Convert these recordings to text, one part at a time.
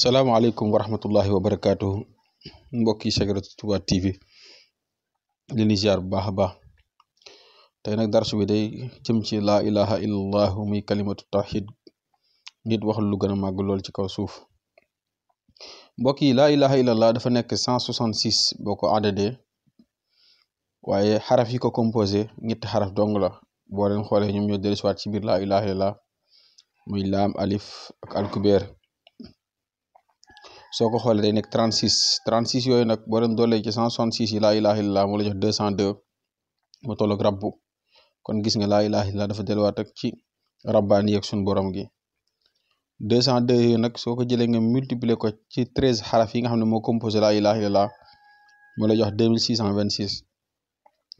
salaamaaleykum wa rahmatullahi wa barakaatu mbokk yi Safinatou Touba TV leen di bu baax a baax tey nag darsu bi day jëm ci laa ilaha illallah muy kalimatu tawxid nit wax lu gën a màgg lool ci kaw suuf mbokk yi laa ilaha illallah dafa nekk 166 boo ko àddadee waaye xaraf yi ko composé ñetti xaraf dong la boo leen xoolee ñoom ñoo dellusiwaat ci biir la ilaha illallah muy laam alif ak alkubeer. soo ko xoolee day nekk 36 36 yooyu nag boo leen doolee ci 166 yi laa ilaha illallah moo la jox 202 mu toll ak rabbu kon gis nga laa ilaha illallah dafa delluwaat ak ci rabbaani yeeg sunu borom gi 202 yooyu nag soo ko jëlee nga multiplier ko ci 13 xaraf yi nga xam ne moo composé laa ilaha illallah moo la jox 2626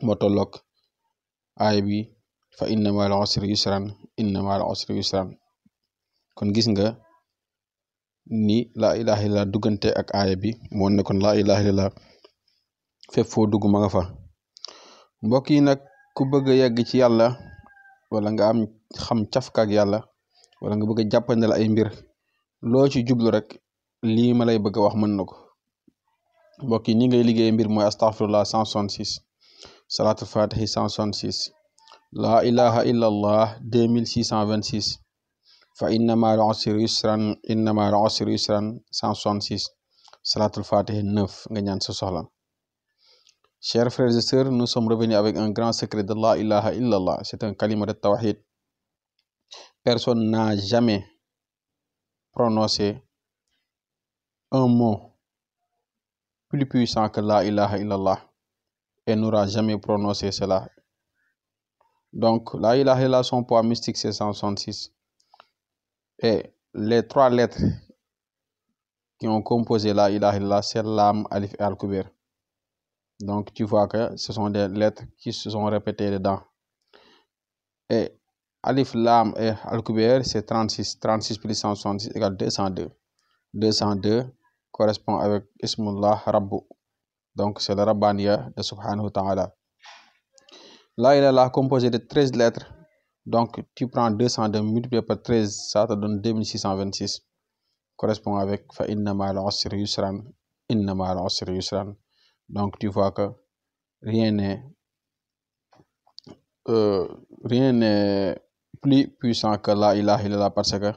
moo tolloog aay bi fa inna maal usri yusran inna maal usri yusran kon gis nga. ni la ilaha illallah duggante ak aaya bi moo ne kon laa ilaha illallah fépp foo nga fa mbokk yi nag ku bëgg a yegg ci yàlla wala nga am xam cafkaak yàlla wala nga bëgg a jàppandal ay mbir loo ci jublu rek lii ma lay bëgg wax mën na ko mbokk yi ni ngay liggéey mbir mooy astaghfirullah 166 salaatul fatihi 166 laa ilaha illallah 2626 fa inna ma al-usri yusran inna ma al-usri six salatul fatiha neuf nga ñaan sa soxla chers frères et sœurs avec un grand secret de la ilaha illallah c'est un kalima de tawhid personne n'a jamais prononcé un mot plus puissant que la ilaha illallah et n'aura jamais prononcé cela donc la ilaha illallah son poids mystique c'est 166 Et les trois lettres qui ont composé la ilaha illallah, c'est l'âme, alif et al Donc tu vois que ce sont des lettres qui se sont répétées dedans. Et alif, lam et al c'est 36. 36 plus 166 égale 202. 202 correspond avec Ismullah Rabbu. Donc c'est le Rabbaniya de Subhanahu Ta'ala. Là, il est là composé de 13 lettres Donc, tu prends 202 multiplié par 13, ça te donne 2626. Correspond avec Fa yusran, yusran. Donc, tu vois que rien n'est euh, rien n'est plus puissant que la ilaha illallah parce que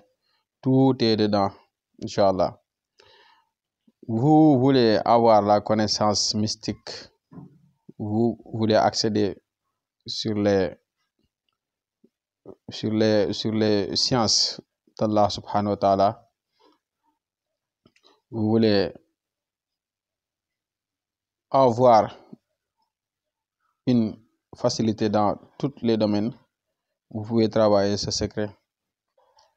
tout est dedans, Inch'Allah. Vous voulez avoir la connaissance mystique, vous voulez accéder sur les sur les sur les sciences d'Allah subhanahu wa ta'ala avoir facilité dans tous les domaines vous pouvez travailler ce secret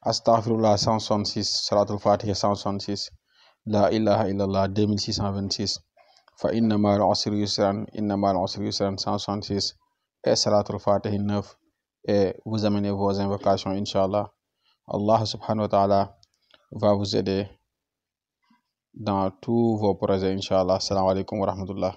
astaghfirullah 166 salatul fatiha 166 la ilaha illallah 2626 fa inna ma'al usri yusran inna ma'al usri yusran 166 et salatul fatiha 9 e vous amenez vos invocations, Inch'Allah. Allah subhanahu wa ta'ala va vous aider dans tous vos projets, Inch'Allah. Salam alaikum wa rahmatullah.